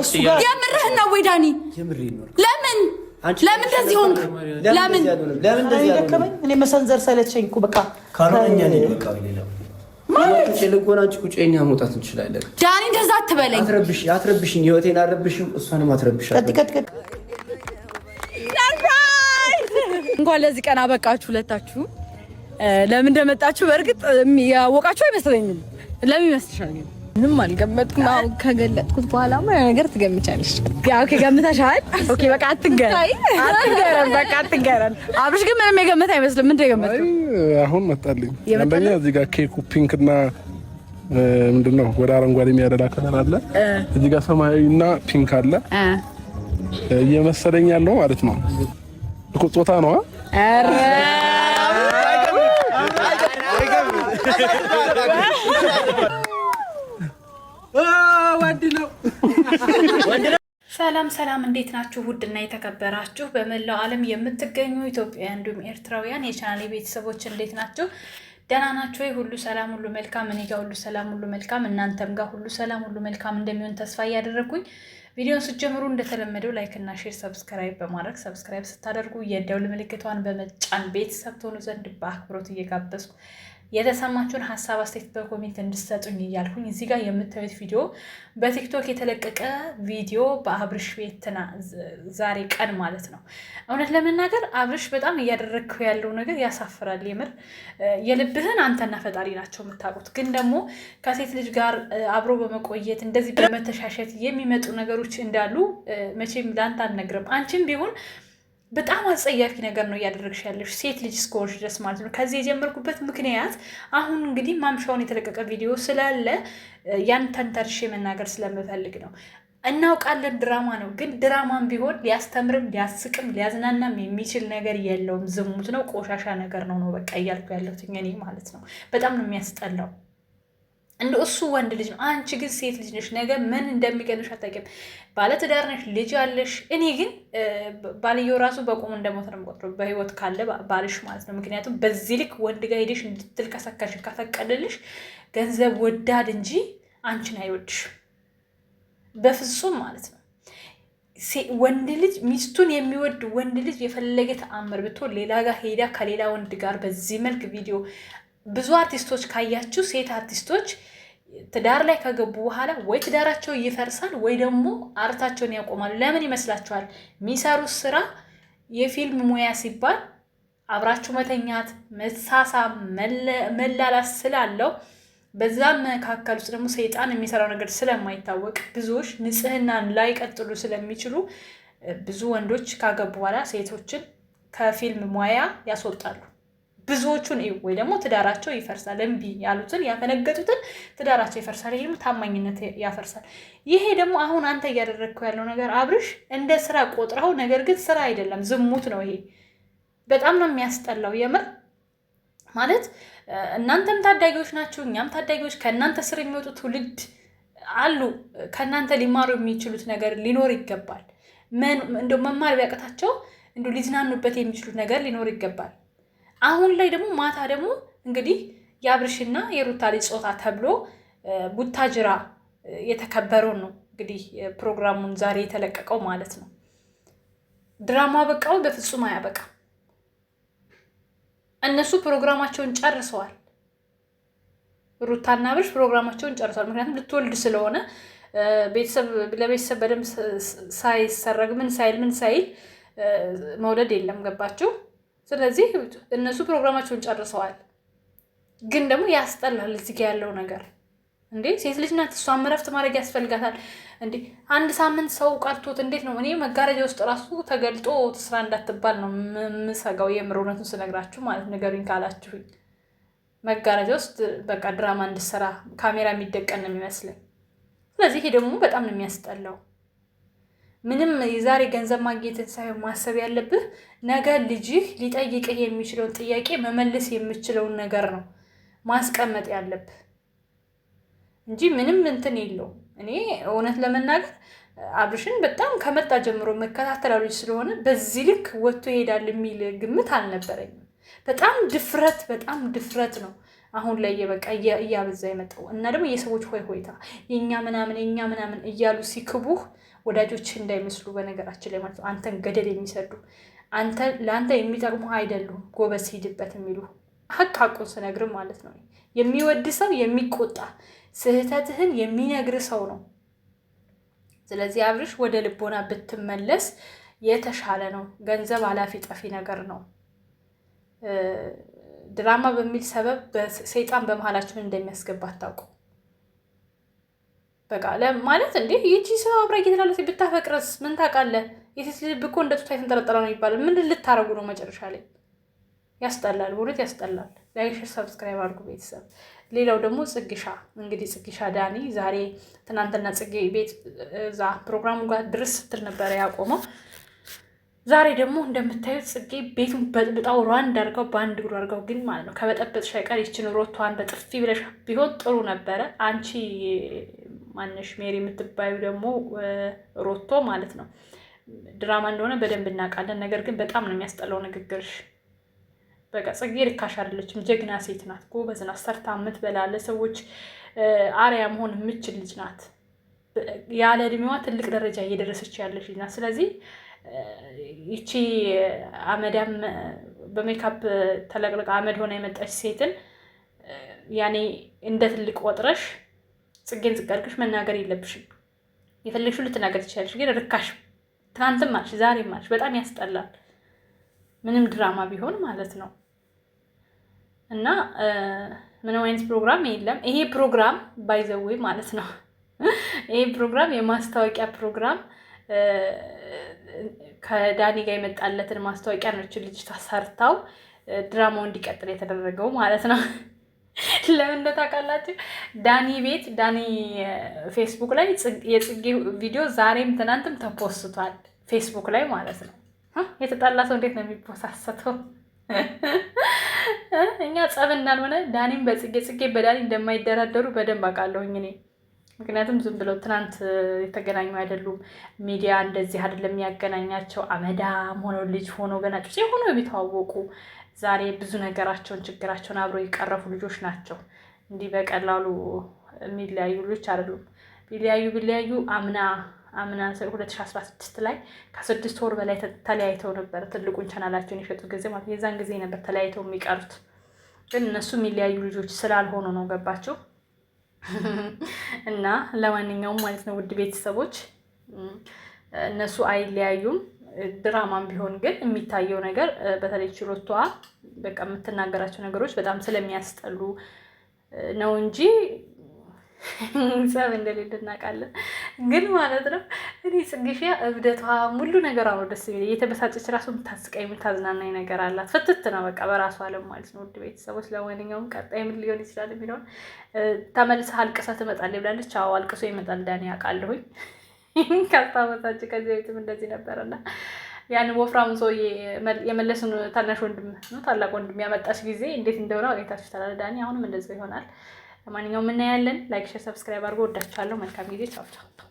አስባለሁ። የምርህን ነው ወይ ዳኒ? ለምን ለምን እንደዚህ ሆንክ? ለምን እኔ መሰንዘር ሰለቸኝ እኮ በቃ ልጎናች ቁጭኛ መውጣት እንችላለን። ዳኒ እንደዛ አትበለኝ። አትረብሽኝ፣ ህይወቴን አትረብሽም፣ እሷንም አትረብሻ። እንኳን ለዚህ ቀን አበቃችሁ ሁለታችሁ። ለምን እንደመጣችሁ በእርግጥ ያወቃችሁ አይመስለኝም። ለምን ይመስልሻል? ምንም አልገመጥኩም። አሁን ከገለጥኩት በኋላ ማ ነገር ትገምቻለሽ። ያው ከገምታሻል። ኦኬ በቃ አትገረን፣ አትገረን፣ በቃ አትገረን። አብርሽ ግን ምንም የገመት አይመስልም። ምንድን የገመትኩት አሁን መጣልኝ። አንደኛ እዚህ ጋር ኬኩ ፒንክ እና ምንድን ነው ወደ አረንጓዴ የሚያደላ ከለር አለ። እዚህ ጋር ሰማያዊና ፒንክ አለ እየመሰለኝ ያለው ማለት ነው እኮ ጾታ ነው። ኧረ ሰላም ሰላም፣ እንዴት ናችሁ? ውድና የተከበራችሁ በመላው ዓለም የምትገኙ ኢትዮጵያውያን እንዲሁም ኤርትራውያን የቻናሌ ቤተሰቦች እንዴት ናችሁ? ደህና ናችሁ ወይ? ሁሉ ሰላም፣ ሁሉ መልካም። እኔ ጋር ሁሉ ሰላም፣ ሁሉ መልካም። እናንተም ጋር ሁሉ ሰላም፣ ሁሉ መልካም እንደሚሆን ተስፋ እያደረግኩኝ ቪዲዮን ስትጀምሩ እንደተለመደው ላይክ እና ሼር ሰብስክራይብ በማድረግ ሰብስክራይብ ስታደርጉ የደውል ምልክቷን በመጫን ቤተሰብ ትሆኑ ዘንድ በአክብሮት እየጋበዝኩ የተሰማችሁን ሀሳብ አስተያየት በኮሜንት እንድሰጡኝ እያልኩኝ እዚህ ጋር የምታዩት ቪዲዮ በቲክቶክ የተለቀቀ ቪዲዮ በአብርሽ ቤትና ዛሬ ቀን ማለት ነው። እውነት ለመናገር አብርሽ በጣም እያደረግከው ያለው ነገር ያሳፍራል። የምር የልብህን አንተና ፈጣሪ ናቸው የምታውቁት። ግን ደግሞ ከሴት ልጅ ጋር አብሮ በመቆየት እንደዚህ በመተሻሸት የሚመጡ ነገሮች እንዳሉ መቼም ለአንተ አልነግርም አንቺም ቢሆን በጣም አጸያፊ ነገር ነው እያደረግሽ ያለሽ ሴት ልጅ እስከሆንሽ ድረስ ማለት ነው። ከዚህ የጀመርኩበት ምክንያት አሁን እንግዲህ ማምሻውን የተለቀቀ ቪዲዮ ስላለ ያን ተንተርሼ መናገር ስለምፈልግ ነው። እናውቃለን ድራማ ነው፣ ግን ድራማም ቢሆን ሊያስተምርም ሊያስቅም ሊያዝናናም የሚችል ነገር የለውም። ዝሙት ነው፣ ቆሻሻ ነገር ነው ነው በቃ እያልኩ ያለሁት እኔ ማለት ነው። በጣም ነው የሚያስጠላው። እንደ እሱ ወንድ ልጅ ነው። አንቺ ግን ሴት ልጅ ነሽ። ነገ ምን እንደሚገጥምሽ አታውቂም። ባለትዳር ነሽ፣ ልጅ አለሽ። እኔ ግን ባልየው ራሱ በቁሙ እንደሞተ ነው የምቆጥረው፣ በህይወት ካለ ባልሽ ማለት ነው። ምክንያቱም በዚህ ልክ ወንድ ጋር ሄደሽ እንድትልቀሰከሽ ካፈቀደልሽ ገንዘብ ወዳድ እንጂ አንቺን አይወድሽም በፍጹም ማለት ነው። ወንድ ልጅ ሚስቱን የሚወድ ወንድ ልጅ የፈለገ ተአምር ብትሆን ሌላ ጋር ሄዳ ከሌላ ወንድ ጋር በዚህ መልክ ቪዲዮ ብዙ አርቲስቶች ካያችሁ ሴት አርቲስቶች ትዳር ላይ ከገቡ በኋላ ወይ ትዳራቸው ይፈርሳል ወይ ደግሞ አርታቸውን ያቆማሉ። ለምን ይመስላችኋል? የሚሰሩት ስራ የፊልም ሙያ ሲባል አብራችሁ መተኛት፣ መሳሳ፣ መላላስ ስላለው በዛም መካከል ውስጥ ደግሞ ሰይጣን የሚሰራው ነገር ስለማይታወቅ ብዙዎች ንጽህናን ላይቀጥሉ ስለሚችሉ ብዙ ወንዶች ካገቡ በኋላ ሴቶችን ከፊልም ሙያ ያስወጣሉ። ብዙዎቹን እዩ ወይ ደግሞ ትዳራቸው ይፈርሳል። እምቢ ያሉትን ያፈነገጡትን ትዳራቸው ይፈርሳል። ይህ ታማኝነት ያፈርሳል። ይሄ ደግሞ አሁን አንተ እያደረግከው ያለው ነገር አብርሽ እንደ ስራ ቆጥረው፣ ነገር ግን ስራ አይደለም ዝሙት ነው። ይሄ በጣም ነው የሚያስጠላው የምር ማለት እናንተም ታዳጊዎች ናቸው እኛም ታዳጊዎች። ከእናንተ ስር የሚወጡ ትውልድ አሉ። ከእናንተ ሊማሩ የሚችሉት ነገር ሊኖር ይገባል። እንደ መማር ቢያቅታቸው እንዲ ሊዝናኑበት የሚችሉት ነገር ሊኖር ይገባል። አሁን ላይ ደግሞ ማታ ደግሞ እንግዲህ የአብርሽና የሩታ ልጅ ጾታ ተብሎ ቡታጅራ የተከበረውን ነው እንግዲህ ፕሮግራሙን ዛሬ የተለቀቀው ማለት ነው። ድራማ በቃው በፍጹም አያበቃም። እነሱ ፕሮግራማቸውን ጨርሰዋል። ሩታና አብርሽ ፕሮግራማቸውን ጨርሰዋል። ምክንያቱም ልትወልድ ስለሆነ ቤተሰብ ለቤተሰብ በደንብ ሳይሰረግ ምን ሳይል ምን ሳይል መውለድ የለም ገባቸው ስለዚህ እነሱ ፕሮግራማቸውን ጨርሰዋል። ግን ደግሞ ያስጠላል እዚህ ጋ ያለው ነገር እንዴ ሴት ልጅ ናት። እሷም እረፍት ማድረግ ያስፈልጋታል። እንዴ አንድ ሳምንት ሰው ቀርቶት እንዴት ነው? እኔ መጋረጃ ውስጥ ራሱ ተገልጦ ስራ እንዳትባል ነው የምሰጋው። የምር እውነቱን ስነግራችሁ ማለት ንገሩኝ ካላችሁኝ መጋረጃ ውስጥ በቃ ድራማ እንድሰራ ካሜራ የሚደቀን ነው የሚመስለኝ። ስለዚህ ይሄ ደግሞ በጣም ነው የሚያስጠላው። ምንም የዛሬ ገንዘብ ማግኘትን ሳይሆን ማሰብ ያለብህ ነገ ልጅህ ሊጠይቅህ የሚችለውን ጥያቄ መመልስ የምችለውን ነገር ነው ማስቀመጥ ያለብህ እንጂ ምንም እንትን የለውም። እኔ እውነት ለመናገር አብርሽን በጣም ከመጣ ጀምሮ ልጅ ስለሆነ በዚህ ልክ ወጥቶ ይሄዳል የሚል ግምት አልነበረኝም። በጣም ድፍረት በጣም ድፍረት ነው አሁን ላይ የበቃ እያበዛ የመጣው እና ደግሞ የሰዎች ሆይ ሆይታ የእኛ ምናምን የእኛ ምናምን እያሉ ሲክቡህ ወዳጆች እንዳይመስሉ በነገራችን ላይ ማለት ነው። አንተን ገደል የሚሰዱ ለአንተ የሚጠቅሙ አይደሉም፣ ጎበዝ ሂድበት የሚሉ ሀቅ አቁን ስነግር ማለት ነው። የሚወድ ሰው የሚቆጣ ስህተትህን የሚነግር ሰው ነው። ስለዚህ አብርሽ ወደ ልቦና ብትመለስ የተሻለ ነው። ገንዘብ አላፊ ጠፊ ነገር ነው። ድራማ በሚል ሰበብ ሰይጣን በመሀላችሁን እንደሚያስገባ አታውቁ። በቃ ማለት እንዴ ይቺ ሰው አብራ እየተላለፈ ብታፈቅረስ ምን ታውቃለህ? የሴት ልብ እንደ ጡታ የተንጠለጠለ ነው ይባላል። ምን ልታረጉ ነው መጨረሻ ላይ? ያስጠላል፣ በእውነት ያስጠላል። ላይክ፣ ሼር፣ ሰብስክራይብ አድርጉ ቤተሰብ። ሌላው ደግሞ ጽግሻ እንግዲህ ጽግሻ ዳኒ ዛሬ ትናንትና ጽጌ ቤት እዛ ፕሮግራሙ ጋር ድረስ ስትል ነበረ ያቆመው። ዛሬ ደግሞ እንደምታዩት ጽጌ ቤቱን በጥብጣው ሯንድ አድርገው በአንድ እግሩ አድርገው ግን ማለት ነው ከበጠበጥ ሸቀር ይችን ሮቷን በጥፊ ብለሽ ቢሆን ጥሩ ነበረ አንቺ ማነሽ ሜሪ የምትባዩ ደግሞ ሮቶ ማለት ነው። ድራማ እንደሆነ በደንብ እናውቃለን። ነገር ግን በጣም ነው የሚያስጠላው ንግግርሽ። በቃ ጽጌ ልካሽ አይደለችም። ጀግና ሴት ናት፣ ጎበዝ ናት፣ ሰርታ የምትበላ ለሰዎች አርያ መሆን የምችል ልጅ ናት። ያለ እድሜዋ ትልቅ ደረጃ እየደረሰች ያለች ልጅ ናት። ስለዚህ ይቺ አመዳም በሜካፕ ተለቅልቃ አመድ ሆነ የመጣች ሴትን ያኔ እንደ ትልቅ ቆጥረሽ ጽጌን ዝቅ አድርገሽ መናገር የለብሽም። የፈለግሽው ልትናገር ትችላለሽ፣ ግን ርካሽ ትናንትም አልሽ ዛሬም አልሽ። በጣም ያስጠላል። ምንም ድራማ ቢሆን ማለት ነው። እና ምንም አይነት ፕሮግራም የለም። ይሄ ፕሮግራም ባይዘዌ ማለት ነው። ይሄ ፕሮግራም የማስታወቂያ ፕሮግራም ከዳኒ ጋር የመጣለትን ማስታወቂያ ነች ልጅ ታሰርታው ድራማው እንዲቀጥል የተደረገው ማለት ነው። ለምን እንደው ዳኒ ቤት ዳኒ ፌስቡክ ላይ የጽጌ ቪዲዮ ዛሬም ትናንትም ተፖስቷል። ፌስቡክ ላይ ማለት ነው። የተጣላ ሰው እንዴት ነው የሚፖሳሰተው? እኛ ጸብ እንዳልሆነ ዳኒም በጽጌ ጽጌ በዳኒ እንደማይደራደሩ በደንብ አውቃለሁኝ እኔ ምክንያቱም ዝም ብለው ትናንት የተገናኙ አይደሉም። ሚዲያ እንደዚህ አይደለም የሚያገናኛቸው። አመዳም ሆነው ልጅ ሆነው ገና ጩጬ ሆነው የሚተዋወቁ ዛሬ ብዙ ነገራቸውን ችግራቸውን አብረው የቀረፉ ልጆች ናቸው። እንዲህ በቀላሉ የሚለያዩ ልጆች አይደሉም። ቢለያዩ ቢለያዩ አምና አምና 2016 ላይ ከስድስት ወር በላይ ተለያይተው ነበር። ትልቁን ቻናላቸውን የሸጡ ጊዜ ማለት የዛን ጊዜ ነበር ተለያይተው የሚቀሩት። ግን እነሱ የሚለያዩ ልጆች ስላልሆኑ ነው። ገባቸው እና ለማንኛውም ማለት ነው ውድ ቤተሰቦች እነሱ አይለያዩም። ድራማም ቢሆን ግን የሚታየው ነገር በተለይ ችሎቷ በቃ የምትናገራቸው ነገሮች በጣም ስለሚያስጠሉ ነው እንጂ ሰብ እንደሌለ እናውቃለን። ግን ማለት ነው እኔ ጽጌሻ እብደቷ ሙሉ ነገሯ ነው ደስ የሚል የተበሳጨች ራሱ የምታስቀኝ የምታዝናናኝ ነገር አላት። ፍትት ነው በቃ በራሱ አለም ማለት ነው። ውድ ቤተሰቦች፣ ለማንኛውም ቀጣይ ምን ሊሆን ይችላል የሚለውን ተመልሰ አልቅሰ ትመጣል ብላለች። አዎ አልቅሶ ይመጣል ዳኒ አውቃለሁኝ። ካስታወሳችሁ ከዚህ ቤትም እንደዚህ ነበረና ያን ወፍራም ሰውዬ የመለስን ታናሽ ወንድም ነው ታላቅ ወንድም ያመጣች ጊዜ እንዴት እንደሆነ አገኝታችሁ ታላል ዳኒ አሁንም እንደዚያ ይሆናል። ለማንኛውም እናያለን። ላይክ፣ ሸር፣ ሰብስክራይብ አድርጎ ወዳችኋለሁ። መልካም ጊዜ። ቻው ቻው።